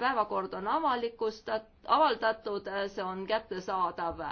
päevakord on avalikustat-, avaldatud, see on kättesaadav